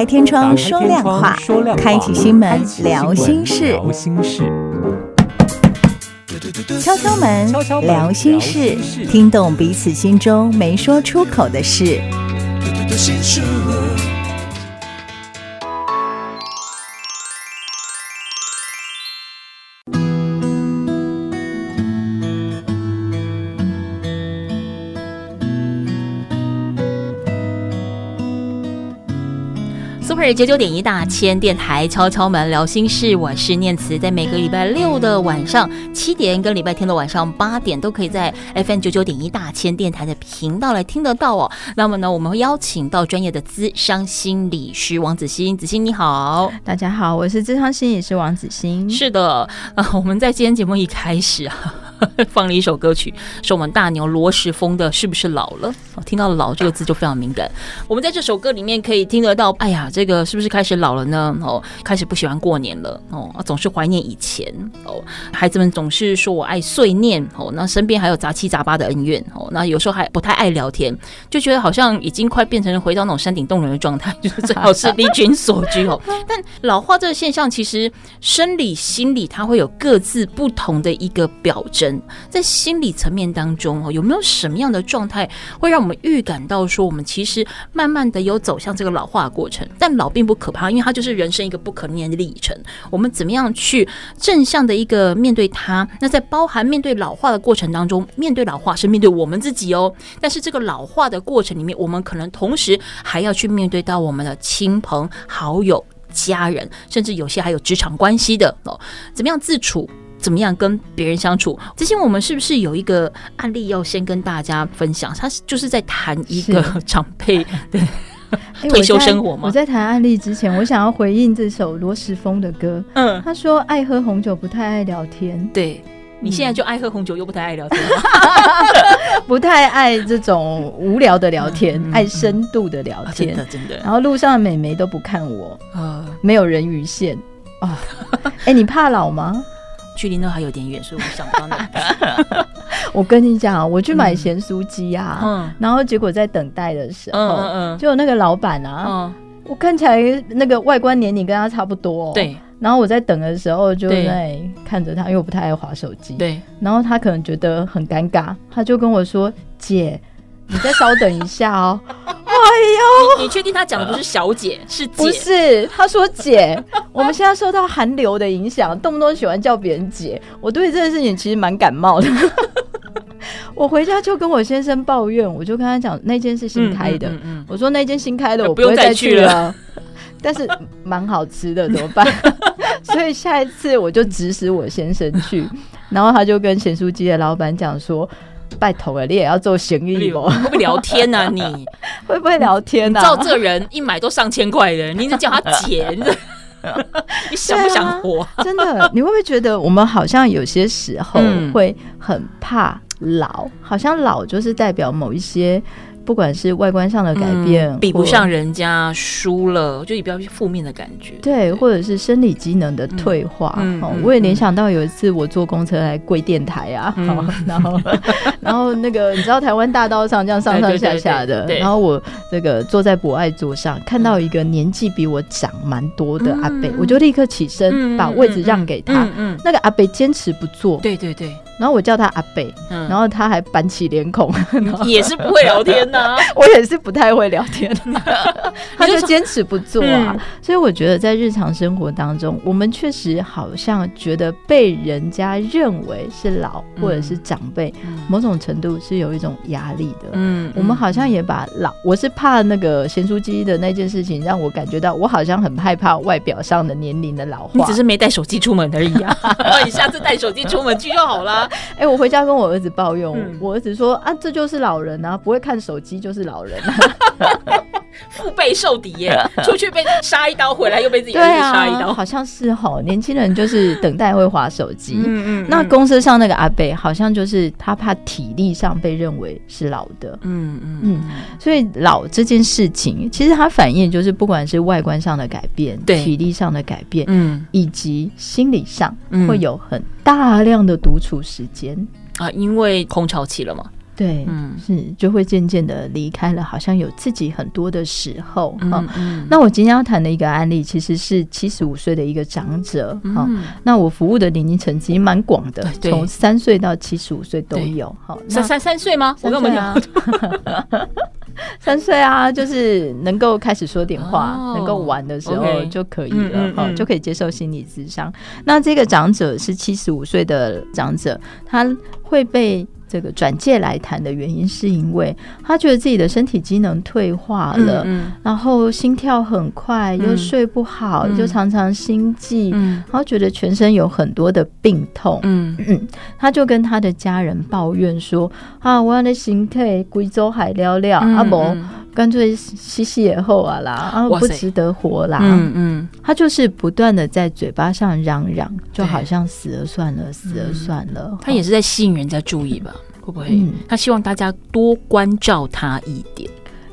開天窗說亮話，開啟心門，新門聊心事，敲敲門聊心事，聽懂彼此心中沒說出口的事。敲敲九九點一大千電台敲敲門聊心事，我是念慈，在每個禮拜六的晚上七點跟禮拜天的晚上八點，都可以在 FM 九九點一大千電台的頻道來聽得到哦。那麼呢，我們會邀請到專業的諮商心理師王子欣。子欣你好，大家好，我是諮商心理師王子欣，是的、啊，我們在今天節目一開始啊。 放了一首歌曲，是我們大牛羅時豐的，是不是老了？我聽到“老”這個字就非常敏感。我們在這首歌裡面可以聽得到，哎呀，這個是不是開始老了呢？哦，開始不喜歡過年了。哦，總是懷念以前。哦，孩子們總是說我愛碎念。哦，那身邊還有雜七雜八的恩怨。哦，那有時候還不太愛聊天，就覺得好像已經快變成回到那種山頂洞人的狀態，就是最好是離群索居。哦，但老化這個現象其實生理、心理它會有各自不同的一個表徵。在心理層面當中哦，有沒有什麼樣的狀態會讓我們預感到說，我們其實慢慢的有走向這個老化的過程？但老並不可怕，因為它就是人生一個不可逆的歷程。我們怎麼樣去正向的一個面對它？那在包含面對老化的過程當中，面對老化是面對我們自己哦。但是這個老化的過程裡面，我們可能同時還要去面對到我們的親朋好友、家人，甚至有些還有職場關係的哦，怎麼樣自處？怎麼樣跟別人相處？之前我們是不是有一個案例要先跟大家分享？他就是在談一個長輩對退休生活嗎？我在談案例之前，我想要回應這首羅時豐的歌。嗯，他說愛喝紅酒，不太愛聊天。對，你現在就愛喝紅酒，又不太愛聊天，不太愛這種無聊的聊天，愛深度的聊天，真的真的。然後路上的美眉都不看我，沒有人魚線哦，哎，你怕老嗎？距離那還有點遠，所以我想不到哪？ 我跟你講、啊，我去買鹹酥雞啊，嗯嗯、然後結果在等待的時候，嗯嗯，嗯嗯就有那個老闆啊，嗯、我看起來那個外觀年齡跟他差不多、哦，對。然後我在等的時候就在看着他，因為我不太愛滑手機，對。然後他可能覺得很尷尬，他就跟我說：“姐，你再稍等一下哦。” 哎呦，你確定他講的不是小姐，呃、是姐？不是，他說姐， 我們現在受到韓流的影響，動不動喜歡叫別人姐。我對這件事情其實蠻感冒的。 我回家就跟我先生抱怨，我就跟他講那間是新開的，嗯嗯嗯嗯、我說那間新開的我、啊、不用再去了，去啊、但是蠻好吃的，怎麼辦？ 所以下一次我就指使我先生去，然後他就跟鹹酥雞的老闆講說。拜託了，你也要做行李嗎？會不會聊天啊、 會不會聊天啊？你會不會聊天的？照這人一買都上千塊的，你只叫他錢， 你想不想活、啊？真的，你會不會覺得我們好像有些時候會很怕老？嗯、好像老就是代表某一些。不管是外觀上的改變，比不上人家輸了，就你不要去負面的感覺。對，或者是生理機能的退化。嗯，我也聯想到有一次我坐公車來貴電台啊，然後然後那個你知道台灣大道上這樣上上下下的，然後我這個坐在博愛座上看到一個年紀比我長蠻多的阿伯，我就立刻起身把位置讓給他。嗯，那個阿伯堅持不坐。對對對。然後我叫他阿伯，嗯、然後他還板起臉孔，也是不會聊天吶，啊。 我也是不太會聊天，啊， 他就堅持不做啊。嗯、所以我覺得在日常生活當中，我們確實好像覺得被人家認為是老，或者是長輩，嗯、某種程度是有一種壓力的。嗯，我們好像也把老，我是怕那個鹹酥雞的那件事情讓我感覺到我好像很害怕外表上的年齡的老化。你只是沒帶手機出門而已啊，那 你下次帶手機出門去就好啦。哎、欸，我回家跟我兒子抱怨，嗯、我兒子說啊，這就是老人啊，不會看手機就是老人、啊。 腹背受敵耶，出去被殺一刀，回來又被自己殺一刀，好像是吼。年輕人就是等待會滑手機、 嗯，嗯嗯。那公司上那個阿伯，好像就是他怕體力上被認為是老的，嗯嗯嗯。所以老這件事情，其實它反映就是不管是外觀上的改變，對體力上的改變，嗯，以及心理上會有很大量的獨處時間、嗯、啊，因為空巢期了嘛。對，嗯，是就會漸漸的離開了，好像有自己很多的時候，哈，嗯。那我今天要談的一個案例，其實是七十五歲的一個長者，哈。那我服務的年齡層級蠻廣的，從三歲到七十五歲都有，哈。三三歲嗎？我跟我們講，三歲啊，就是能夠開始說點話，能夠玩的時候就可以了，哈，就可以接受心理諮商。那這個長者是七十五歲的長者，他會被這個轉介來談的原因，是因為他覺得自己的身體機能退化了，嗯嗯、然後心跳很快，嗯、又睡不好，嗯、就常常心悸，嗯、然後覺得全身有很多的病痛。嗯嗯，他就跟他的家人抱怨說：“嗯、啊，我的身體貴州還了了，阿不。”乾脆吸吸也後啊啦，然、啊、後塞不值得活啦。嗯嗯，嗯他就是不斷地在嘴巴上嚷嚷，就好像死了算了，對死了算了。嗯哦、他也是在吸引人家注意吧？嗯、會不會？嗯、他希望大家多關照他一點。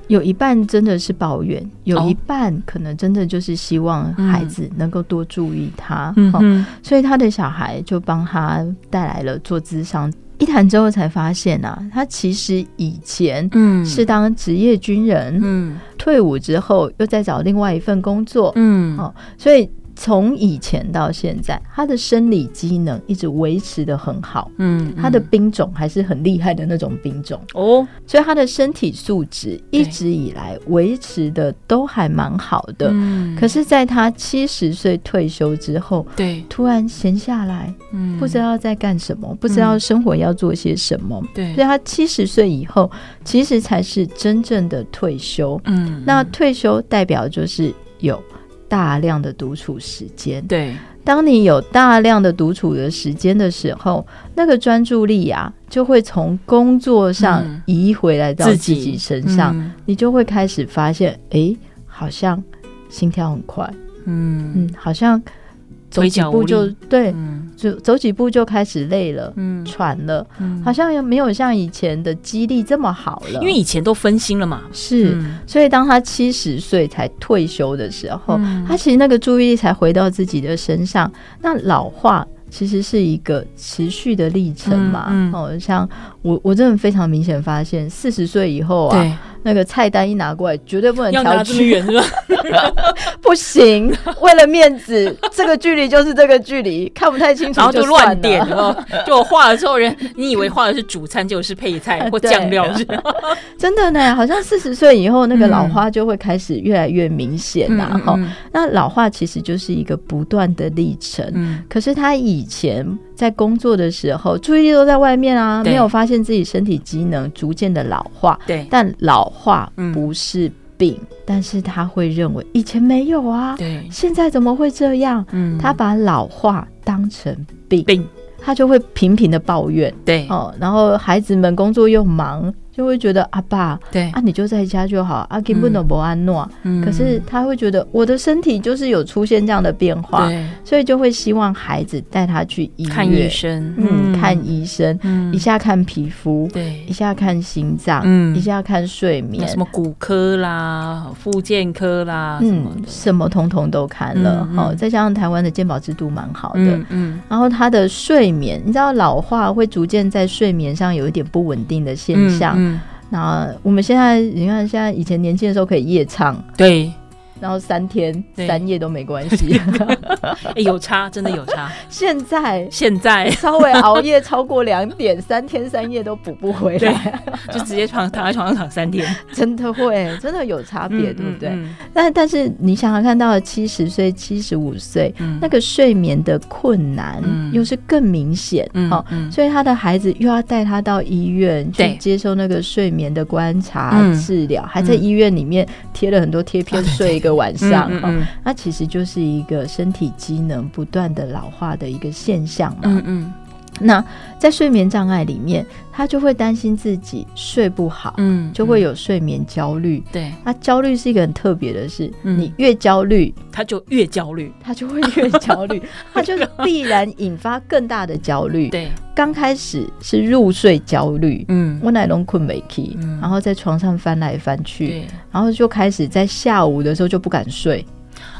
有一半真的是抱怨，有一半可能真的就是希望孩子能夠多注意他。嗯，所以他的小孩就幫他帶來了做諮商。一談之後才發現啊，他其實以前是當職業軍人，嗯、退伍之後又再找另外一份工作，嗯，哦，所以。從以前到現在，他的生理機能一直維持得很好。嗯，嗯，他的兵種還是很厲害的那種兵種哦，所以他的身體素質一直以來維持得都還蠻好的。嗯、可是，在他七十歲退休之後，對、嗯，突然閒下來，嗯，不知道在幹什麼，不知道生活要做些什麼。對、嗯，所以他七十歲以後，嗯、其實才是真正的退休。嗯，那退休代表就是有。大量的獨處時間，對，當你有大量的獨處的時間的時候，那個專注力啊，就會從工作上移回來到自己身上，嗯嗯、你就會開始發現，哎、欸，好像心跳很快，嗯嗯，好像。走幾步就對，就、嗯、走，走幾步就開始累了，嗯、喘了，好像也沒有像以前的精力這麼好了。因為以前都分心了嘛，是。嗯、所以當他七十歲才退休的時候，嗯、他其實那個注意力才回到自己的身上。那老化。其實是一個持續的歷程嘛，嗯嗯、哦，像我我真的非常明顯發現，四十歲以後啊，對那個菜單一拿過來，絕對不能調遠，要拿這麼遠是不是， 不行， 為了面子， 這個距離就是這個距離，看不太清楚然後就亂點了，就我畫了之後，人你以為畫的是主餐，就是配菜 或醬料是， 真的呢，好像四十歲以後那個老花就會開始越來越明顯了、啊、哈、嗯。那老化其實就是一個不斷的歷程，嗯、可是它以以前在工作的時候，注意力都在外面啊，對，沒有發現自己身體機能逐漸的老化。對，但老化不是病，嗯，但是他會認為以前沒有啊，對，現在怎麼會這樣？嗯，他把老化當成病，病他就會頻頻的抱怨。對，哦，然後孩子們工作又忙。就會覺得阿爸，對啊，你就在家就好。阿基本都不安諾，可是他會覺得我的身體就是有出現這樣的變化，所以就會希望孩子帶他去醫院，嗯，看醫生，一下看皮膚，對，一下看心臟，嗯，一下看睡眠，什麼骨科啦、復健科啦，嗯，什麼通通都看了。好，再加上台灣的健保制度蠻好的，嗯，然後他的睡眠，你知道老化會逐漸在睡眠上有一點不穩定的現象。嗯，然後我們現在，你看，現在以前年輕的時候可以夜唱，對。然後三天三夜都沒關係，有差，真的有差。現在現在稍微熬夜超過兩點，三天三夜都補不回來，就直接躺躺在床上躺三天，真的會，真的有差別，對不對？但但是你想想看到了七十歲、七十五歲，那個睡眠的困難又是更明顯，哦，所以他的孩子又要帶他到醫院去接受那個睡眠的觀察治療，還在醫院裡面貼了很多貼片睡的晚上啊，那其實就是一個身體機能不斷的老化的一個現象嘛。嗯嗯那在睡眠障礙裡面，他就會擔心自己睡不好，嗯，嗯就會有睡眠焦慮，對。他焦慮是一個很特別的事，嗯、你越焦慮，他就越焦慮，他就會越焦慮， 他就是必然引發更大的焦慮。 對，剛開始是入睡焦慮，嗯，我哪攏睏袂去，嗯、然後在床上翻來翻去，對然後就開始在下午的時候就不敢睡。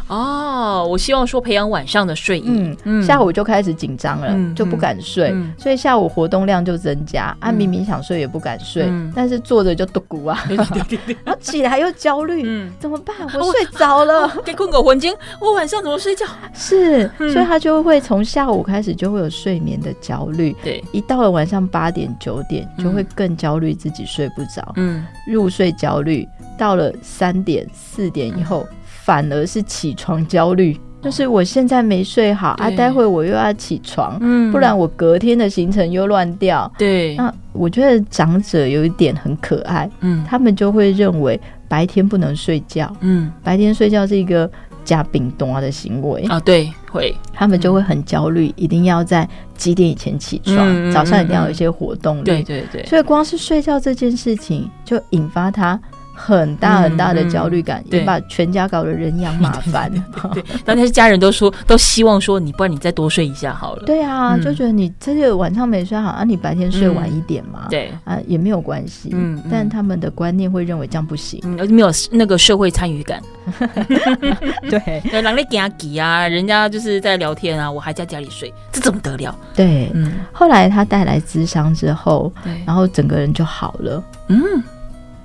哦，我希望說培養晚上的睡意，下午就開始緊張了，就不敢睡，所以下午活動量就增加。他明明想睡也不敢睡，但是坐着就嘟咕啊，然後起來又焦慮，怎麼辦？我睡着了，給困狗魂經，我晚上怎麼睡覺？是，所以他就會從下午開始就會有睡眠的焦慮，對，一到了晚上八點、九點就會更焦慮自己睡不着，嗯，入睡焦慮到了三點、四點以後。反而是起床焦慮，就是我現在沒睡好對啊，待會我又要起床，嗯、不然我隔天的行程又亂掉。對，那我覺得長者有一點很可愛，嗯，他們就會認為白天不能睡覺，嗯，白天睡覺是一個假病東啊的行為啊，對，會，他們就會很焦慮，嗯、一定要在幾點以前起床，嗯、早上一定要有一些活動、嗯，對對對，所以光是睡覺這件事情就引發他。很大很大的焦慮感，也把全家搞得人仰馬翻。對，那那些家人都說，都希望說你，不然你再多睡一下好了。對啊，就覺得你這些晚上沒睡好，那你白天睡晚一點嘛。對啊，也沒有關係。嗯，但他們的觀念會認為這樣不行，而且沒有那個社會參與感。對，對，人家啊，人家就是在聊天啊，我還在家裡睡，這怎麼得了？對，嗯。後來他帶來諮商之後，對，然後整個人就好了。嗯。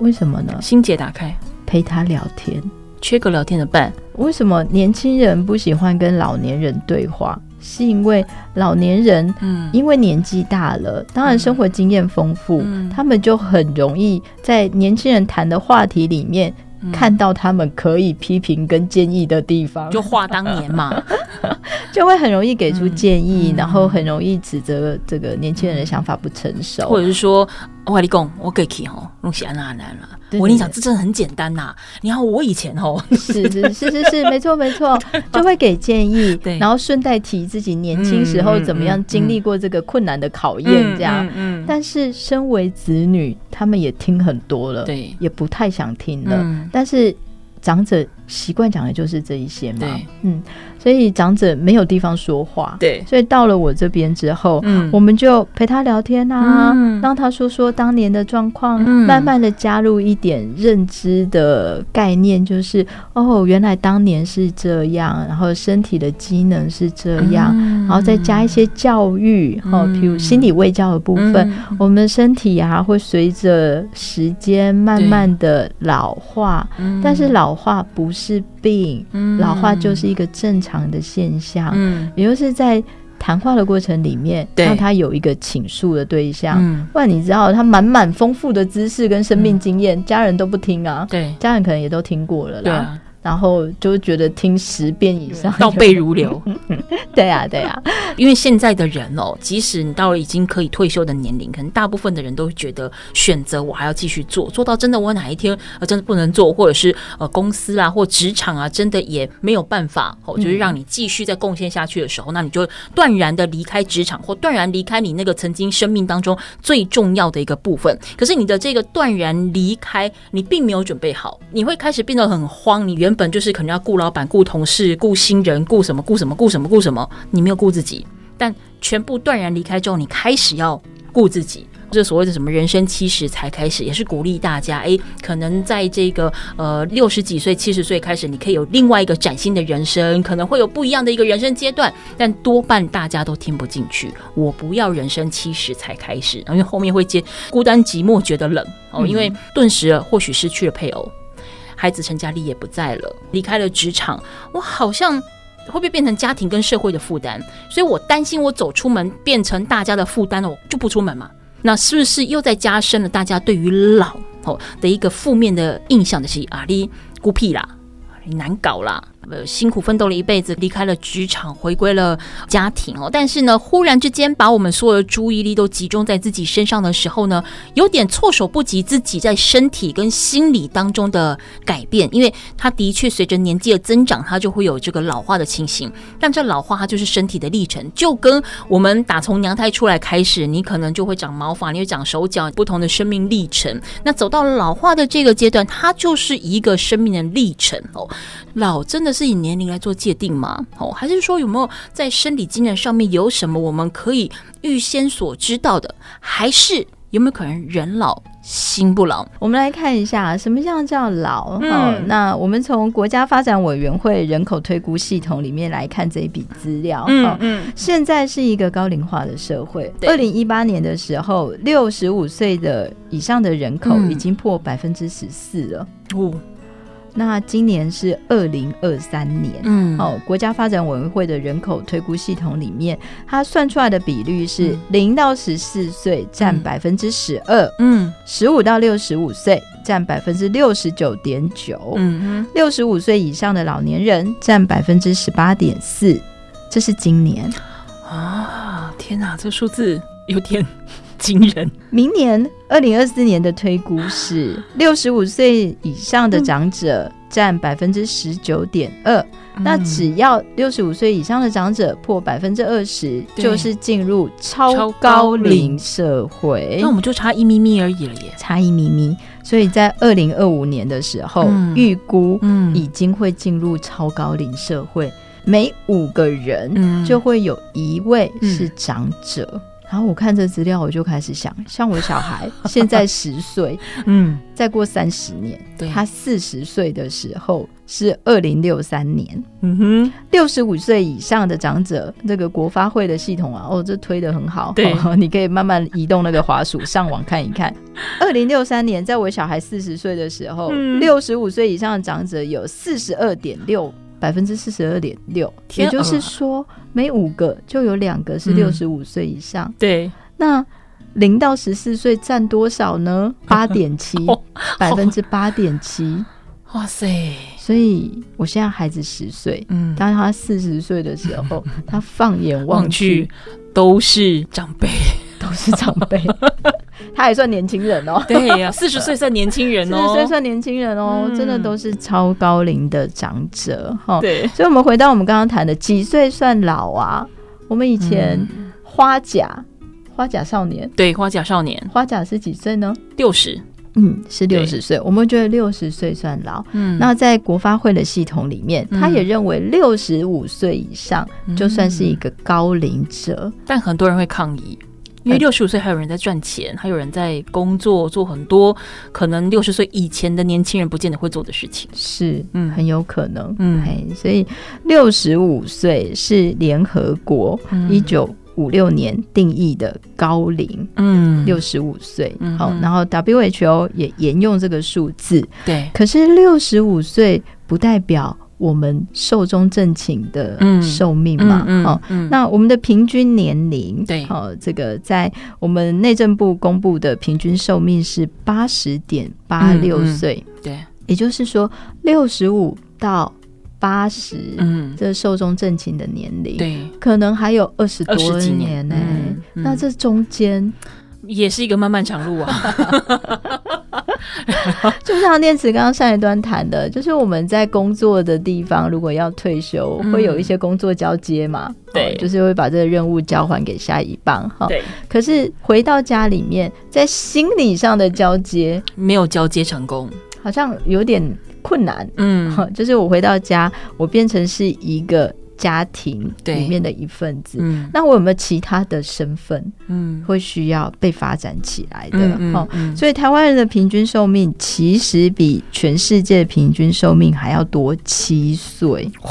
為什麼呢？心結打開，陪他聊天，缺個聊天的伴。為什麼年輕人不喜歡跟老年人對話？是因為老年人，嗯，因為年紀大了，嗯、當然生活經驗豐富，嗯、他們就很容易在年輕人談的話題裡面看到他們可以批評跟建議的地方，就話當年嘛。 就會很容易給出建議，嗯嗯、然後很容易指責、這個、這個年輕人的想法不成熟，或者是說我跟你講，我給起哦。怎樣怎樣，東西安了？我跟你講，這真的很簡單吶、啊。你看我以前哦，是是是是是，沒錯沒錯，就會給建議， 對然後順帶提自己年輕時候怎麼樣經歷過這個困難的考驗，這樣。嗯。嗯嗯嗯嗯，但是身為子女，他們也聽很多了，對，也不太想聽了。嗯、但是長者習慣講的就是這一些嘛，對嗯。所以長者沒有地方說話，對，所以到了我這邊之後，嗯，我們就陪他聊天啊，讓他說說當年的狀況，慢慢的加入一點認知的概念，就是哦，原來當年是這樣，然後身體的機能是這樣，然後再加一些教育，哦，譬如心理衛教的部分，我們身體啊會隨着時間慢慢的老化，但是老化不是病，老化就是一個正常常的現象，嗯，也就是在談話的過程裡面，對讓他有一個傾訴的對象，嗯，不然你知道他滿滿豐富的知識跟生命經驗，嗯，家人都不聽啊，對，家人可能也都聽過了啦。然後就覺得聽十遍以上倒背如流， 對呀、啊、對呀、啊，因為現在的人哦，即使你到了已經可以退休的年齡，可能大部分的人都會覺得選擇我還要繼續做，做到真的我哪一天呃真的不能做，或者是呃公司啊或職場啊真的也沒有辦法，哦就是讓你繼續再貢獻下去的時候，嗯、那你就斷然的離開職場或斷然離開你那個曾經生命當中最重要的一個部分。可是你的這個斷然離開，你並沒有準備好，你會開始變得很慌，你原本就是可能要顧老闆、顧同事、顧新人、顧什麼、顧什麼、顧什麼、顧什麼，你沒有顧自己。但全部斷然離開之後，你開始要顧自己。這所謂的什麼人生七十才開始，也是鼓勵大家。誒，可能在這個呃六十幾歲、七十歲開始，你可以有另外一個嶄新的人生，可能會有不一樣的一個人生階段。但多半大家都聽不進去。我不要人生七十才開始，因為後，後面會接孤單寂寞，覺得冷哦。嗯，因為頓時或許失去了配偶。孩子成家立業不在了，離開了職場，我好像會不會變成家庭跟社會的負擔？所以我擔心我走出門變成大家的負擔哦，我就不出門嘛。那是不是又在加深了大家對於老哦的一個負面的印象？就是啊、啊、你孤僻啦，你難搞啦。呃，辛苦奮鬥了一輩子，離開了職場，回歸了家庭哦。但是呢，忽然之間把我們所有的注意力都集中在自己身上的時候呢，有點措手不及。自己在身體跟心理當中的改變，因為它的確隨着年紀的增長，它就會有這個老化的情形。但這老化，它就是身體的歷程，就跟我們打從娘胎出來開始，你可能就會長毛髮，你會長手腳，不同的生命歷程。那走到老化的這個階段，它就是一個生命的歷程哦。老真的是以年齡來做界定嗎？哦，還是說有沒有在生理機能上面有什麼我們可以預先所知道的？還是有沒有可能人老心不老？我們來看一下什麼樣叫老。嗯，哦，那我們從國家發展委員會人口推估系統裡面來看這一筆資料。嗯，嗯，哦，現在是一個高齡化的社會。對。二零一八年的時候，六十五歲的以上的人口已經破百分之十四了。嗯。哦。那今年是二零二三年，嗯，哦，國家發展委員會的人口推估系統裡面，它算出來的比率是零到十四歲占百分之十二，嗯，十五到六十五歲占百分之六十九點九，嗯哼，六十五歲以上的老年人占百分之十八點四，這是今年啊，天哪，啊，這數字有點，嗯。驚人！明年二零二四年的推估是六十五歲以上的長者占百分之十九點二。嗯、那只要六十五歲以上的長者破百分之二十，對就是進入超高齡社會。那我們就差一咪咪而已了耶，差一咪咪。所以在二零二五年的時候，嗯、預估已經會進入超高齡社會，嗯、每五個人就會有一位是長者。嗯嗯然後我看這資料，我就開始想，像我小孩現在十歲， 嗯，再過三十年，對他四十歲的時候是二零六三年，嗯哼，六十五歲以上的長者，這個國發會的系統啊，哦，這推得很好，對、哦，你可以慢慢移動那個滑鼠 上網看一看，二零六三年在我小孩四十歲的時候，六十五歲以上的長者有四十二點六。百分之四十二點六，也就是說，啊、每五個就有兩個是六十五歲以上。嗯、對，那零到十四歲佔多少呢？八點七，百分之八點七。哇塞！所以我現在孩子十歲，嗯，當他四十歲的時候，嗯、他放眼望去都是長輩，都是長輩。 他還算年輕人哦，對呀，四十歲算年輕人哦，四十歲算年輕人哦，真的都是超高齡的長者哈。對，所以，我們回到我們剛剛談的幾歲算老啊？我們以前花甲，花甲少年，對，花甲少年，花甲是幾歲呢？六十，嗯，是六十歲。我們覺得六十歲算老，嗯，那在國發會的系統裡面，他也認為六十五歲以上就算是一個高齡者，但很多人會抗議。因為六十五歲還有人在賺錢，還有人在工作，做很多可能六十歲以前的年輕人不見得會做的事情。是，嗯，很有可能，嗯，所以六十五歲是聯合國一九五六年定義的高齡，嗯，六十五歲。嗯，好，然後 WHO 也沿用這個數字，對。可是六十五歲不代表。我們壽終正寢的壽命嘛，好、嗯嗯嗯哦，那我們的平均年齡，對，好、哦，這個在我們內政部公布的平均壽命是八十點八六歲、嗯嗯，對，也就是說六十五到八十，這壽終正寢的年齡，嗯、對，可能還有二十多年呢。二十幾年嗯嗯、那這中間也是一個漫漫長路啊。 就像念慈剛剛上一段談的，就是我們在工作的地方，如果要退休，會有一些工作交接嘛？嗯哦、對，就是會把這個任務交還給下一棒哈。哦、對，可是回到家裡面，在心理上的交接沒有交接成功，好像有點困難。嗯，就是我回到家，我變成是一個。家庭裡面的一份子，嗯、那我有沒有其他的身份？嗯，會需要被發展起來的。嗯、哦，所以台灣人的平均壽命其實比全世界平均壽命還要多七歲。哇，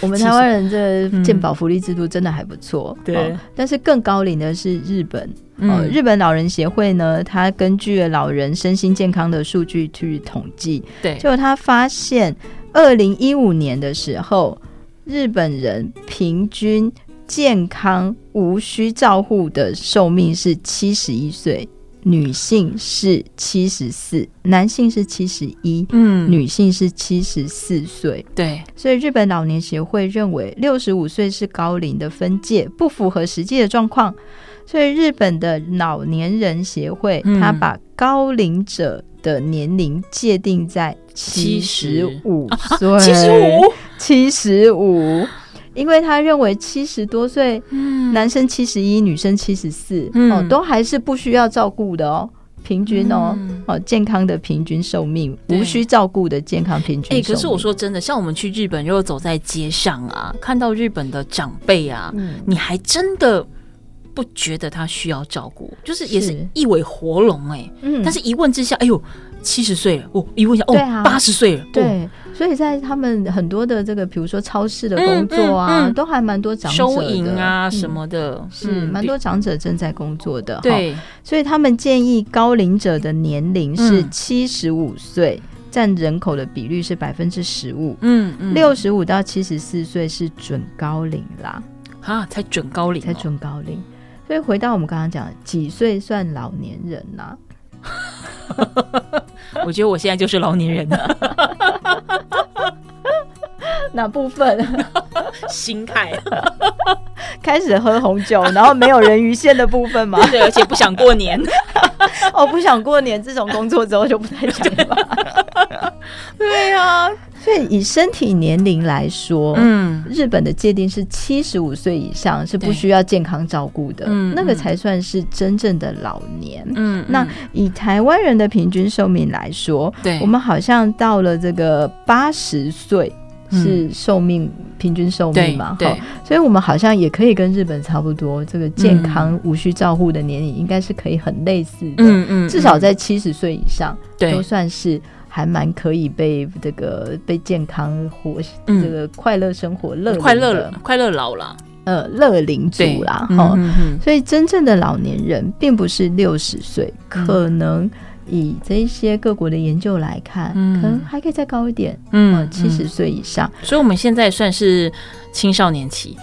我們台灣人這健保福利制度真的還不錯。嗯哦、對，但是更高齡的是日本。嗯、哦，日本老人協會呢，他根據老人身心健康的數據去統計。對，結果他發現，二零一五年的時候。日本人平均健康無需照護的壽命是七十一歲，女性是七十四，男性是七十一，嗯，女性是七十四歲。對，所以日本老年協會認為六十五歲是高齡的分界，不符合實際的狀況。所以日本的老年人協會，他、嗯、把高齡者的年齡界定在、嗯、七十五歲、啊，七十五，七十五， 因為他認為七十多歲，嗯、男生七十一，女生七十四，哦，都還是不需要照顧的哦，平均哦，嗯、哦，健康的平均壽命，對無需照顧的健康平均壽命。哎，可是我說真的，像我們去日本又走在街上啊，看到日本的長輩啊，嗯、你還真的。不覺得他需要照顧，就是也是一尾活龍哎，嗯，但是一問之下，哎呦，七十歲了哦，一問一下哦，八十歲了哦，對，所以在他們很多的這個，比如說超市的工作啊，都還蠻多長者收銀啊什麼的，是蠻多長者正在工作的，對，所以他們建議高齡者的年齡是七十五歲，占人口的比率是百分之十五，嗯，六十五到七十四歲是準高齡啦，啊，才準高齡，才準高齡。所以回到我們剛剛講的，幾歲算老年人呢、啊？ 我覺得我現在就是老年人了、啊。 哪部分？心態？開始喝紅酒，然後沒有人魚線的部分嗎？ 對，而且不想過年。 哦，不想過年，自從工作之後就不太想了。對 對呀、啊，對啊、所以以身體年齡來說，嗯，日本的界定是七十五歲以上是不需要健康照顧的，對那個才算是真正的老年。嗯，那以台灣人的平均壽命來說，對，我們好像到了這個八十歲是壽命、嗯、平均壽命嘛，對，對，所以我們好像也可以跟日本差不多，這個健康無需照顧的年齡應該是可以很類似的，嗯、至少在七十歲以上，對，都算是。還蠻可以被這個被健康活，這個快樂生活樂快樂快樂老了，呃，樂齡族啦。好，所以真正的老年人並不是六十歲，可能以這些各國的研究來看，可能還可以再高一點，嗯，嗯，七十歲以上。所以我們現在算是青少年期。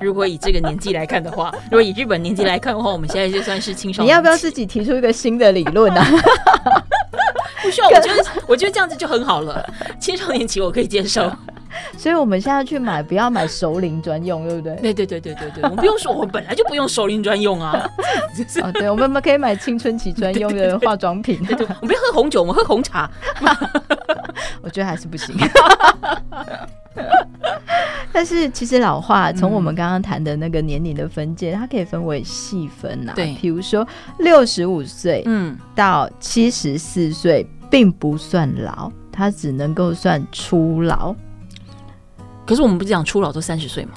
如果以這個年紀來看的話，如果以日本年紀來看的話，我們現在就算是青少年期。你要不要自己提出一個新的理論呢、啊？ 不需要，我覺、就、得、是、我覺得這樣子就很好了。青少年期我可以接受， 所以我們現在去買，不要買熟齡專用，對不對？對 對對對對對，我們不用說，我們本來就不用熟齡專用啊。啊、 哦，對，我們們可以買青春期專用的化妝品。 對，對對，我們不喝紅酒，我們喝紅茶。 我覺得還是不行。 但是其實老化，從我們剛剛談的那個年齡的分界，嗯、它可以分為細分吶、啊。對，比如說六十五歲，嗯，到七十四歲，並不算老，嗯、它只能夠算初老。可是我們不是講初老都三十歲嗎？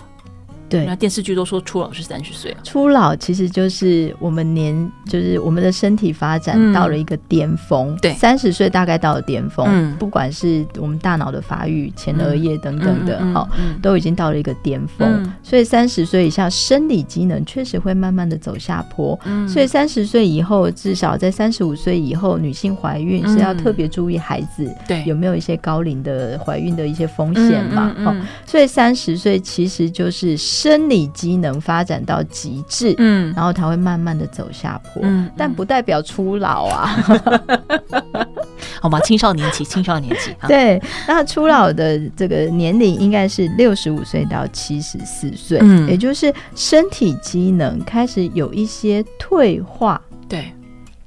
對，那電視劇都說初老是三十歲，初老其實就是我們年，就是我們的身體發展到了一個巔峰，對、嗯，三十歲大概到了巔峰，對不管是我們大腦的發育、前額葉等等的，哈、嗯，都已經到了一個巔峰，嗯嗯嗯嗯、所以三十歲以下生理機能確實會慢慢的走下坡，嗯、所以三十歲以後，至少在三十五歲以後，女性懷孕是要特別注意孩子對，嗯、有沒有一些高齡的懷孕的一些風險嘛，哈、嗯，嗯嗯嗯、所以三十歲其實就是，生理機能發展到極致，嗯，然後它會慢慢的走下坡，嗯、但不代表初老啊、嗯。 好嘛，青少年期，青少年期。啊、對，那初老的這個年齡應該是六十五歲到七十四歲，嗯、也就是身體機能開始有一些退化，對。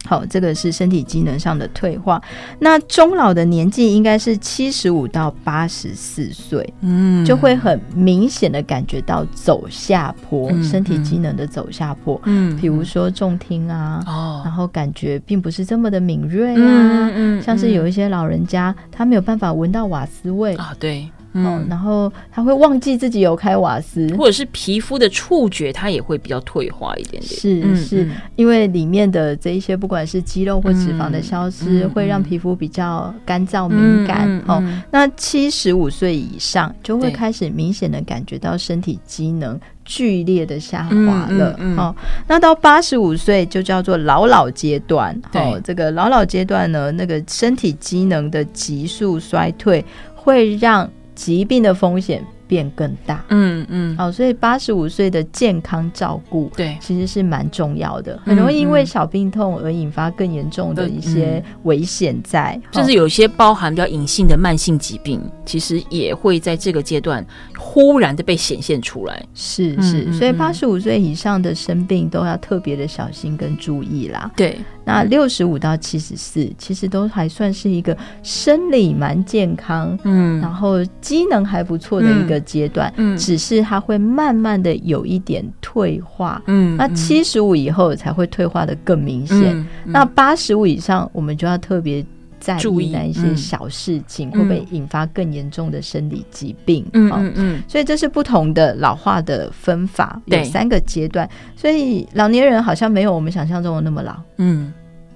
好、哦，這個是身體機能上的退化。那中老的年紀應該是七十五到八十四歲，嗯，就會很明顯的感覺到走下坡，嗯嗯、身體機能的走下坡。嗯，比如說重聽啊，哦，然後感覺並不是這麼的敏銳啊，嗯嗯嗯、像是有一些老人家他沒有辦法聞到瓦斯味啊，對。哦，然後他會忘記自己有開瓦斯，或者是皮膚的觸覺，它也會比較退化一點點。是，是、嗯嗯、因為裡面的這一些，不管是肌肉或脂肪的消失，會讓皮膚比較乾燥敏感。嗯嗯嗯、哦，那七十五歲以上就會開始明顯的感覺到身體機能劇烈的下滑了。嗯嗯嗯嗯、哦，那到八十五歲就叫做老老階段。對哦，這個老老階段呢，那個身體機能的急速衰退會讓。疾病的風險變更大，嗯嗯，嗯，哦，所以八十五歲的健康照顧，對，其實是蠻重要的，很容易因為小病痛而引發更嚴重的一些危險，在、嗯，甚至、嗯、哦、有些包含比較隱性的慢性疾病，其實也會在這個階段忽然的被顯現出來，是是，嗯、所以八十五歲以上的生病都要特別的小心跟注意啦，嗯嗯、對。那六十五到七十四，其實都還算是一個生理蠻健康，嗯，然後機能還不錯的一個階段，嗯，只是它會慢慢的有一點退化，嗯，那七十五以後才會退化得更明顯，嗯，那八十五以上，我們就要特別，在意那一些小事情，嗯、會不會引發更嚴重的生理疾病？嗯嗯，啊、嗯嗯，所以這是不同的老化的分法，對有三個階段。所以老年人好像沒有我們想象中的那麼老。嗯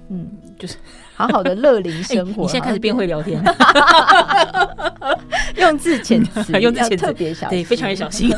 對嗯，就是好好的樂齡生活， 欸、你現在開始變會聊天，對 用字遣詞用字遣詞特別小心，對，非常小心，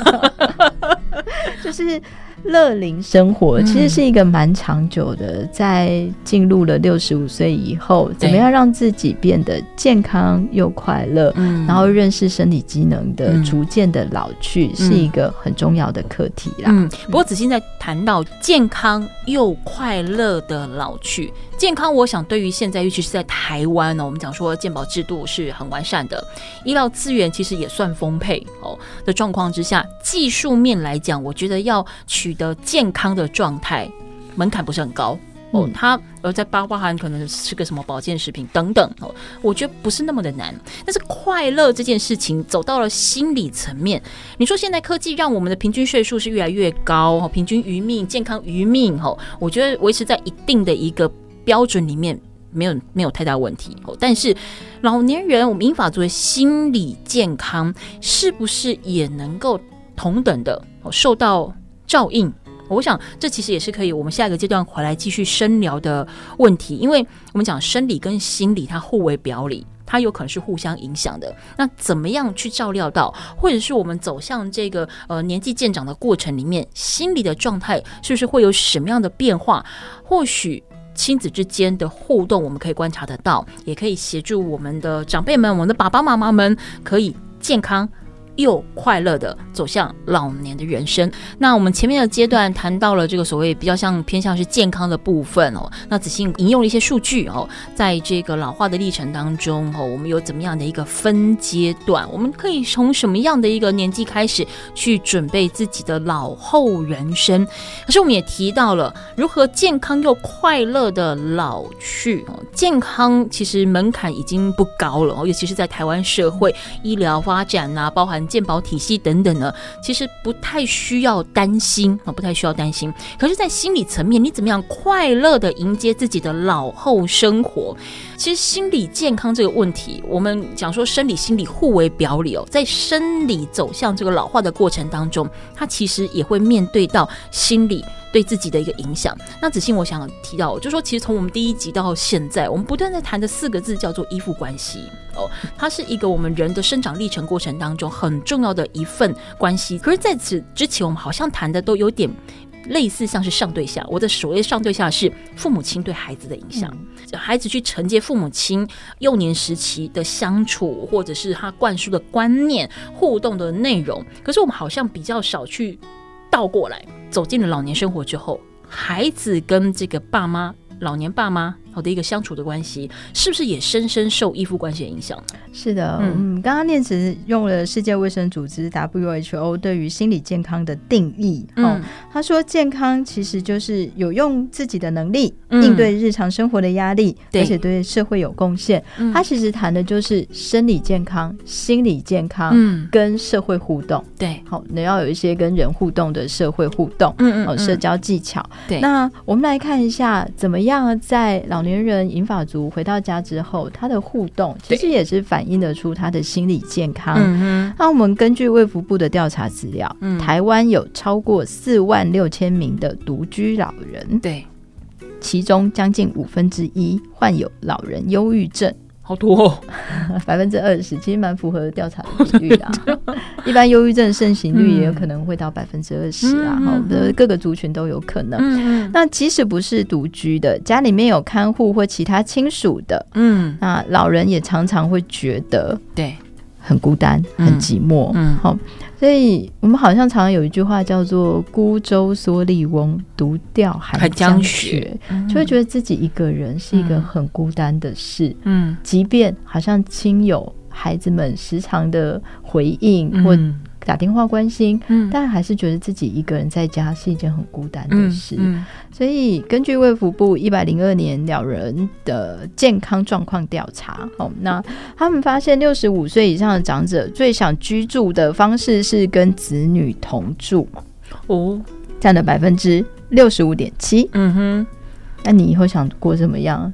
就是。樂齡生活、嗯、其實是一個蠻長久的，在進入了六十五歲以後，怎麼樣讓自己變得健康又快樂，嗯、然後認識身體機能的逐漸的老去，嗯、是一個很重要的課題啦。嗯、不過子欣在談到健康又快樂的老去，健康，我想對於現在，尤其是在台灣呢、喔，我們講說健保制度是很完善的，醫療資源其實也算豐沛哦、喔、的狀況之下，技術面來講，我覺得要取。的健康的狀態門檻不是很高，嗯、哦，他而在八卦含可能是個什麼保健食品等等哦，我覺得不是那麼的難。但是快樂這件事情走到了心理層面，你說現在科技讓我們的平均歲數是越來越高，哦，平均餘命健康餘命哦，我覺得維持在一定的一個標準裡面沒有沒有太大問題哦。但是老年人，我們英法作為心理健康是不是也能夠同等的，哦，受到？照應，我想這其實也是可以，我們下一個階段回來繼續深聊的問題，因為我們講生理跟心理，它互為表裡，它有可能是互相影響的。那怎麼樣去照料到，或者是我們走向這個呃年紀漸長的過程裡面，心理的狀態是不是會有什麼樣的變化？或許親子之間的互動，我們可以觀察得到，也可以協助我們的長輩們，我們的爸爸媽媽們可以健康。又快樂的走向老年的人生。那我們前面的階段談到了這個所謂比較像偏向是健康的部分哦。那仔細引用了一些數據哦，在這個老化的歷程當中哦，我們有怎麼樣的一個分階段？我們可以從什麼樣的一個年紀開始去準備自己的老後人生？可是我們也提到了如何健康又快樂的老去哦。健康其實門檻已經不高了哦，尤其是在台灣社會醫療發展吶、啊，包含。健保體系等等呢，其實不太需要擔心啊，不太需要擔心。可是，在心理層面，你怎麼樣快樂地迎接自己的老後生活？其實，心理健康這個問題，我們講說生理心理互為表裡哦，在生理走向這個老化的過程當中，它其實也會面對到心理。對自己的一個影響。那子欣，我想提到，就是說其實從我們第一集到現在，我們不斷在談的四個字叫做依附關係哦，它是一個我們人的生長歷程過程當中很重要的一份關係。可是，在此之前，我們好像談的都有點類似，像是上對下。我的所謂上對下是父母親對孩子的影響，嗯，孩子去承接父母親幼年時期的相處，或者是他灌輸的觀念、互動的內容。可是，我們好像比較少去。倒過來，走進了老年生活之後，孩子跟這個爸媽，老年爸媽，好的一個相處的關係，是不是也深深受依附關係的影響？是的，嗯，剛剛念慈用了世界衛生組織 WHO 對於心理健康的定義，嗯，他說健康其實就是有用自己的能力應對日常生活的壓力，而且對社會有貢獻。他其實談的就是生理健康、心理健康，跟社會互動，對，好，你要有一些跟人互動的社會互動，嗯嗯，哦，社交技巧。對，那我們來看一下，怎麼樣在老老年人銀髮族回到家之後，他的互動其實也是反映得出他的心理健康。那、嗯啊、我們根據衛福部的調查資料，嗯、台灣有超過四萬六千名的獨居老人，對，其中將近五分之一患有老人憂鬱症。好多百分之二十，其實蠻符合調查頻率的。 這樣 一般憂鬱症的盛行率也有可能會到百分之二十啊。好、嗯，就、嗯嗯、各個族群都有可能。嗯嗯嗯、那即使不是獨居的，家裡面有看護或其他親屬的，嗯，那老人也常常會覺得，對，很孤單，嗯、很寂寞，嗯，好、嗯。所以我們好像常常有一句話叫做“孤舟簑笠翁，獨釣寒江雪”，就會覺得自己一個人是一個很孤單的事。嗯，即便好像親友、孩子們時常的回應，嗯，或。打電話關心，嗯、但還是覺得自己一個人在家是一件很孤單的事。嗯嗯、所以，根據衛福部一百零二年老人的健康狀況調查，好、哦，那他們發現六十五歲以上的長者最想居住的方式是跟子女同住哦，佔了百分之六十五點七。嗯哼，那你以後想過怎麼樣？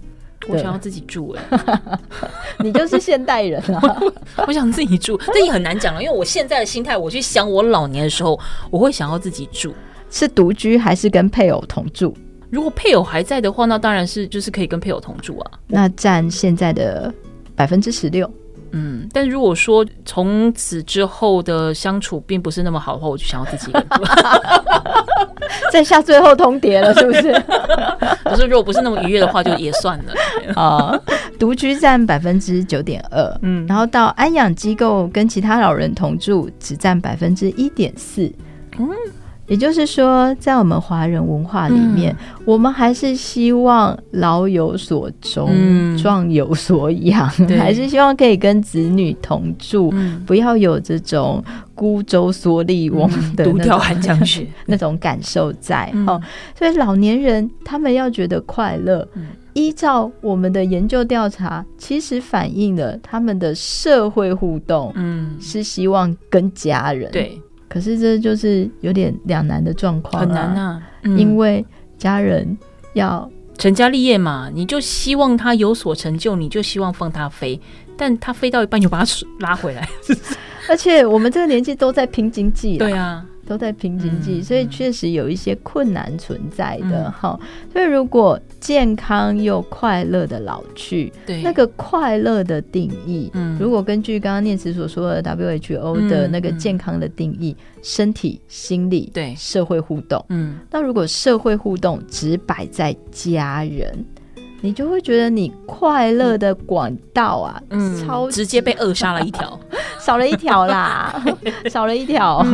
對我想要自己住誒， 你就是現代人了，啊。 我想自己住，這也很難講了，因為我現在的心態，我去想我老年的時候，我會想要自己住，是獨居還是跟配偶同住？如果配偶還在的話，那當然是就是可以跟配偶同住啊。那占現在的百分之十六。嗯，但如果說從此之後的相處並不是那麼好的話，我就想要自己，再下最後通牒了，是不是？ 可是，如果不是那麼愉悅的話，就也算了 啊。獨 居佔百分之九點二， 嗯，然後到安養機構跟其他老人同住，只佔百分之一點四，嗯。也就是說，在我們華人文化裡面，嗯、我們還是希望老有所終，壯、嗯、有所養，對還是希望可以跟子女同住，嗯、不要有這種孤舟蓑笠翁的獨釣寒江雪那種感受在、嗯哦、所以老年人他們要覺得快樂，嗯、依照我們的研究調查，其實反映了他們的社會互動，嗯，是希望跟家人對。可是，這就是有點兩難的狀況，啊，很難吶，啊，嗯，因為家人要成家立業嘛，你就希望他有所成就，你就希望放他飛，但他飛到一半就把他拉回來， 而且我們這個年紀都在拼經濟，對啊。都在拼經濟，嗯、所以確實有一些困難存在的哈、嗯。所以如果健康又快樂的老去，對那個快樂的定義，嗯，如果根據剛剛念慈所說的 WHO 的那個健康的定義，嗯嗯、身體、心理、對社會互動，嗯，那如果社會互動只擺在家人。你就會覺得你快樂的管道啊，嗯，超直接被扼殺了一條，少了一條啦，少了一條。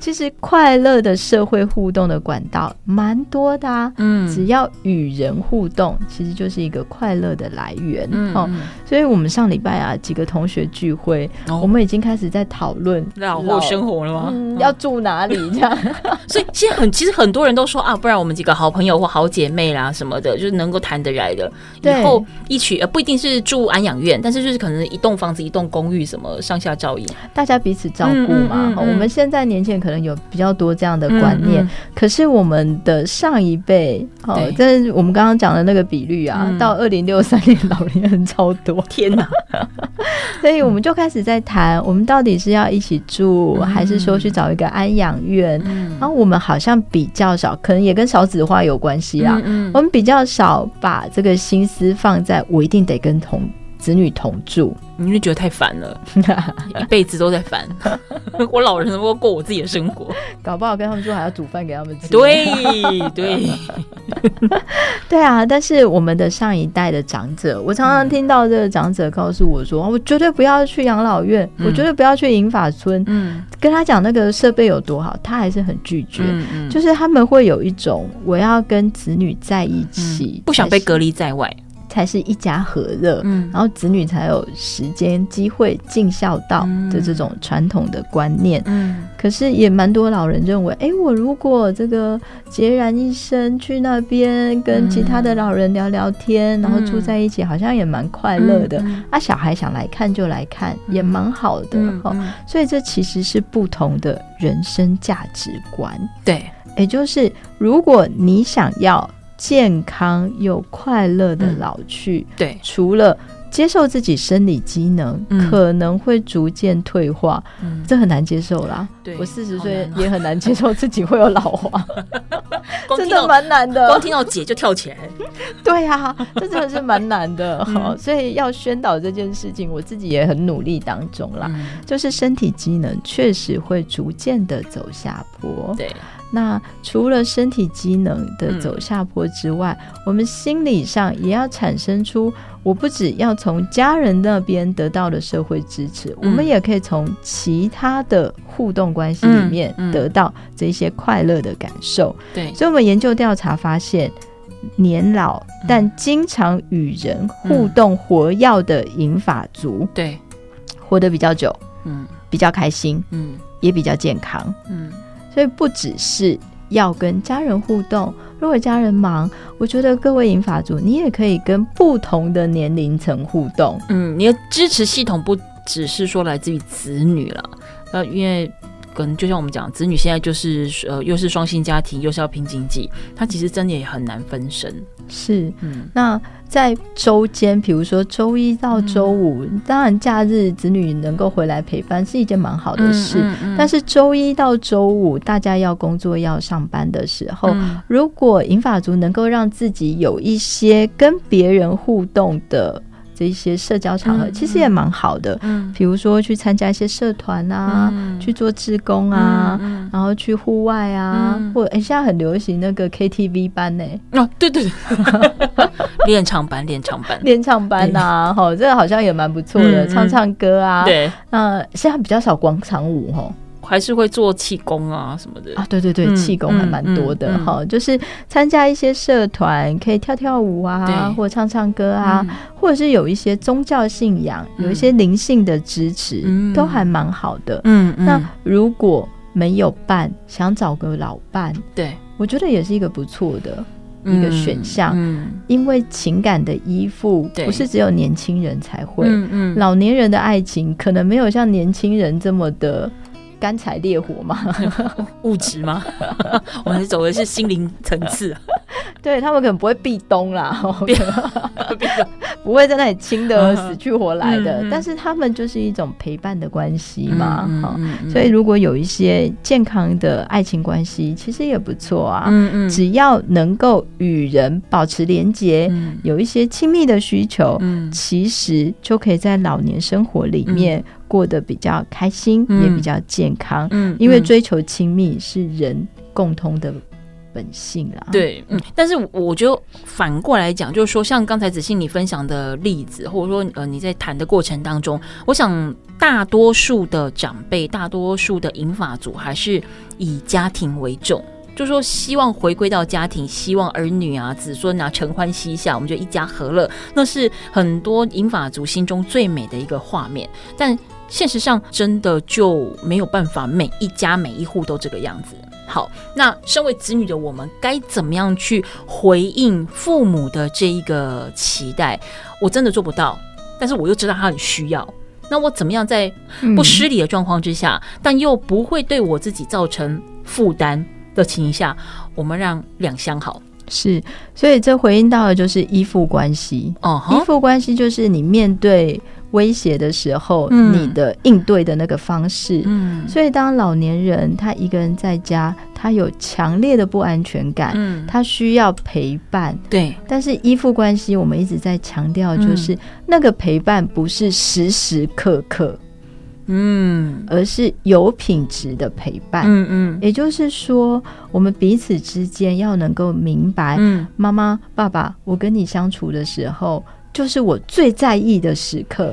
其實快樂的社會互動的管道蠻多的啊，嗯，只要與人互動，其實就是一個快樂的來源哦，所以我們上禮拜啊，幾個同學聚會，我們已經開始在討論老後生活了嗎？要住哪裡這樣？所以現在很其實很多人都說啊，不然我們幾個好朋友或好姐妹啦什麼的，就能夠談得來。以後一起呃，不一定是住安養院，但是就是可能一棟房子、一棟公寓，什麼上下照應，大家彼此照顧嘛。我們現在年輕人可能有比較多這樣的觀念，可是我們的上一輩哦，但是我們剛剛講的那個比率啊，到二零六三年老年人超多，天哪。所以我們就開始在談，我們到底是要一起住，還是說去找一個安養院？然後我們好像比較少，可能也跟少子化有關係啊。我們比較少把這個。個心思放在我一定得跟同子女同住。你就覺得太煩了，一輩子都在煩。 我老人如果過我自己的生活， 搞不好跟他們說還要煮飯給他們吃，對對。對 對啊，但是我們的上一代的長者，我常常聽到這個長者告訴我說：“嗯、我絕對不要去養老院，嗯、我絕對不要去銀髮村。嗯”跟他講那個設備有多好，他還是很拒絕。嗯嗯、就是他們會有一種我要跟子女在一起、嗯，不想被隔離在外。才是一家和樂，嗯、然後子女才有時間機會盡孝道的這種傳統的觀念。嗯嗯、可是也蠻多老人認為，哎，我如果這個孑然一身去那邊跟其他的老人聊聊天，嗯、然後住在一起，好像也蠻快樂的。嗯嗯嗯、啊，小孩想來看就來看，也蠻好的、嗯嗯嗯哦、所以這其實是不同的人生價值觀。對，也就是如果你想要。健康又快樂的老去，嗯、對，除了接受自己生理機能、嗯、可能會逐漸退化，嗯、這很難接受啦。對對，我四十歲也很難接受自己會有老化， 到 真的蠻難的。光聽到“姐”就跳起來， 對呀、啊，這真的是蠻難的、 哦、所以要宣導這件事情，我自己也很努力當中啦。嗯、就是身體機能確實會逐漸的走下坡，對。那除了身體機能的走下坡之外，嗯、我們心理上也要產生出，我不只要從家人那邊得到的社會支持，嗯、我們也可以從其他的互動關係裡面得到這些快樂的感受。對、嗯，嗯、所以我們研究調查發現，年老但經常與人互動活躍的銀髮族，對、嗯，活得比較久，嗯，比較開心，嗯，也比較健康，嗯。所以不只是要跟家人互動，如果家人忙，我覺得各位銀髮族，你也可以跟不同的年齡層互動。嗯，你的支持系統不只是說來自於子女了，呃，因為。跟就像我們講，子女現在就是呃，又是雙薪家庭，又是要拼經濟，他其實真的也很難分身。是，嗯，那在周間，比如說周一到周五，嗯、當然假日子女能夠回來陪伴是一件蠻好的事，嗯嗯嗯、但是周一到周五大家要工作要上班的時候，嗯、如果銀髮族能夠讓自己有一些跟別人互動的。這一些社交場合其實也蠻好的，嗯嗯、比如說去參加一些社團啊，嗯、去做志工啊，嗯嗯、然後去戶外啊，嗯、或哎、欸、現在很流行那個 KTV 班呢，哦、啊、對對對，練 唱班練唱班練唱班吶、啊，吼對這個好像也蠻不錯的，嗯、唱唱歌啊，對，那現在比較少廣場舞吼。還是會做氣功啊什麼的啊，對對對，氣功還蠻多的哈。就是參加一些社團，可以跳跳舞啊，或唱唱歌啊，或者是有一些宗教信仰，有一些靈性的支持，都還蠻好的。嗯嗯。那如果沒有伴，想找個老伴，對我覺得也是一個不錯的，一個選項。因為情感的依附不是只有年輕人才會。嗯嗯。老年人的愛情可能沒有像年輕人這麼的。乾柴烈火嗎？物質嗎？ 我們走的是心靈層次，啊 對。對他們可能不會壁咚啦，咚 不會在那裡親的死去活來的。嗯嗯，但是他們就是一種陪伴的關係嘛，嗯嗯嗯哦。所以如果有一些健康的愛情關係，其實也不錯啊。嗯嗯，只要能夠與人保持連接，嗯，有一些親密的需求，嗯，其實就可以在老年生活裡面。嗯過得比較開心，嗯、也比較健康，嗯，嗯因為追求親密是人共同的本性啦，對，嗯，但是我就反過來講，就是說，像剛才子信你分享的例子，或者說，呃，你在談的過程當中，我想大多數的長輩，大多數的銀髮族還是以家庭為重，就說希望回歸到家庭，希望兒女啊子孫啊承歡膝下，我們就一家和樂，那是很多銀髮族心中最美的一個畫面，但。現實上，真的就沒有辦法，每一家每一戶都這個樣子。好，那身為子女的我們，該怎麼樣去回應父母的這一個期待？我真的做不到，但是我又知道他很需要。那我怎麼樣在不失禮的狀況之下，嗯、但又不會對我自己造成負擔的情況下，我們讓兩相好？是，所以這回應到的就是依附關係。哦、uh-huh? 依附關係就是你面對。威脅的時候，嗯、你的應對的那個方式，嗯、所以當老年人他一個人在家，他有強烈的不安全感，嗯、他需要陪伴，對，但是依附關係，我們一直在強調，就是、嗯、那個陪伴不是時時刻刻，嗯，而是有品質的陪伴，嗯嗯，嗯也就是說，我們彼此之間要能夠明白，嗯，媽媽爸爸，我跟你相處的時候，就是我最在意的時刻。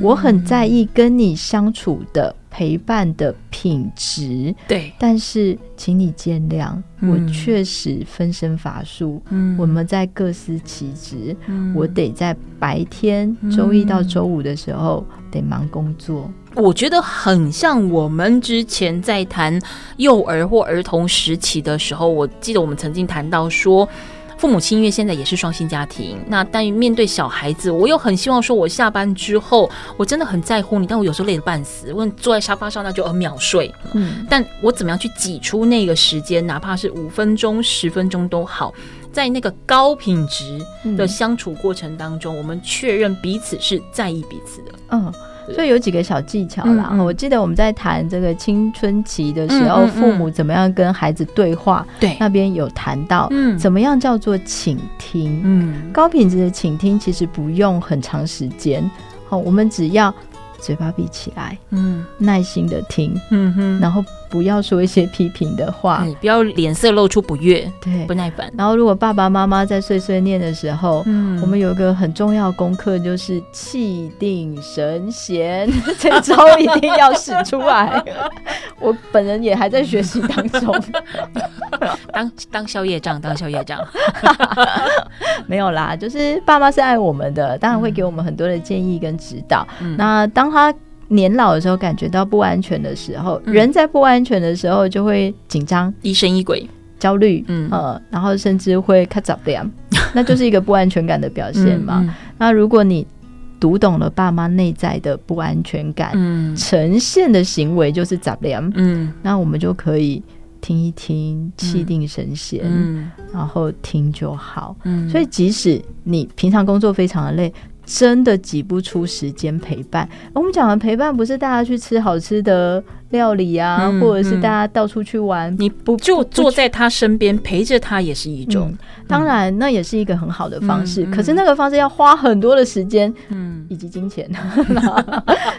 我很在意跟你相處的陪伴的品質，對、嗯，但是請你見諒，嗯、我確實分身乏術。嗯、我們在各司其職，嗯、我得在白天週一到週五的時候得忙工作。我覺得很像我們之前在談幼兒或兒童時期的時候，我記得我們曾經談到說。父母親因為現在也是雙薪家庭，那但面對小孩子，我又很希望說，我下班之後，我真的很在乎你，但我有時候累得半死，我坐在沙發上那就呃秒睡。嗯，但我怎麼樣去擠出那個時間，哪怕是五分鐘、十分鐘都好，在那個高品質的相處過程當中，嗯、我們確認彼此是在意彼此的。嗯。所以有幾個小技巧啦，嗯、我記得我們在談這個青春期的時候，嗯嗯嗯、父母怎麼樣跟孩子對話？對，那邊有談到怎麼樣叫做傾聽。嗯，高品質的傾聽其實不用很長時間。好、嗯，我們只要嘴巴閉起來，嗯，耐心的聽，嗯哼，然後。不要說一些批評的話，嗯、不要臉色露出不悅，對，不耐煩。然後，如果爸爸媽媽在碎碎念的時候，嗯，我們有一個很重要功課，就是氣定神閒， 這招一定要使出來。 我本人也還在學習當中， 當當消業障，當消業障，夜 沒有啦，就是爸媽是愛我們的，當然會給我們很多的建議跟指導。嗯、那當他。年老的時候感覺到不安全的時候，嗯、人在不安全的時候就會緊張、疑神疑鬼、焦慮，嗯，嗯然後甚至會卡雜唸，嗯、那就是一個不安全感的表現嘛。嗯嗯、那如果你讀懂了爸媽內在的不安全感，嗯、呈現的行為就是雜唸，嗯，那我們就可以聽一聽，氣定神閒，嗯、然後聽就好。嗯、所以即使你平常工作非常的累，真的擠不出時間陪伴，哦，我們講的陪伴，不是大家去吃好吃的。料理啊，或者是大家到處去玩，你不就坐在他身邊陪着他也是一種，當然那也是一個很好的方式。可是那個方式要花很多的時間，嗯，以及金錢，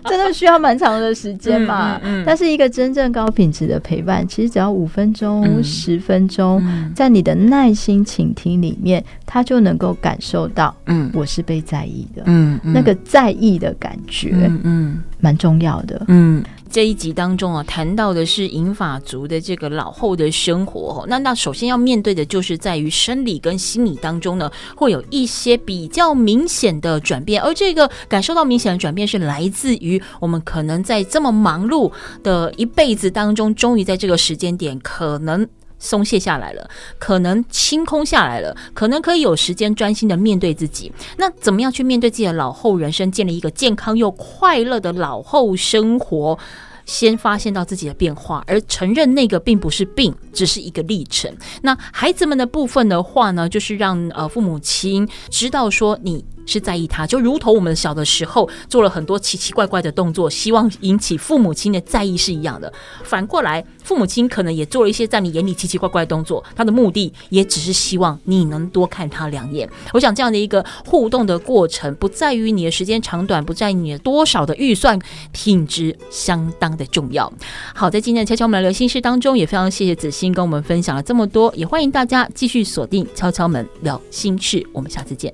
真的需要蠻長的時間嘛。但是一個真正高品質的陪伴，其實只要五分鐘、十分鐘，在你的耐心傾聽裡面，他就能夠感受到，嗯，我是被在意的，嗯，那個在意的感覺，嗯，蠻重要的，嗯。這一集當中啊，談到的是銀髮族的這個老後的生活。那那首先要面對的就是在於生理跟心理當中呢，會有一些比較明顯的轉變。而這個感受到明顯的轉變，是來自於我們可能在這麼忙碌的一輩子當中，終於在這個時間點，可能。鬆懈下來了，可能清空下來了，可能可以有時間專心的面對自己。那怎麼樣去面對自己的老後人生，建立一個健康又快樂的老後生活？先發現到自己的變化，而承認那個並不是病，只是一個歷程。那孩子們的部分的話呢，就是讓呃父母親知道說你。是在意他，就如同我們小的時候做了很多奇奇怪怪的動作，希望引起父母親的在意是一樣的。反過來，父母親可能也做了一些在你眼裡奇奇怪怪的動作，他的目的也只是希望你能多看他兩眼。我想這樣的一個互動的過程，不在於你的時間長短，不在於你的多少的預算，品質相當的重要。好，在今天的敲敲門聊心室當中，也非常謝謝子欣跟我們分享了這麼多，也歡迎大家繼續鎖定敲敲門聊心室，我們下次見。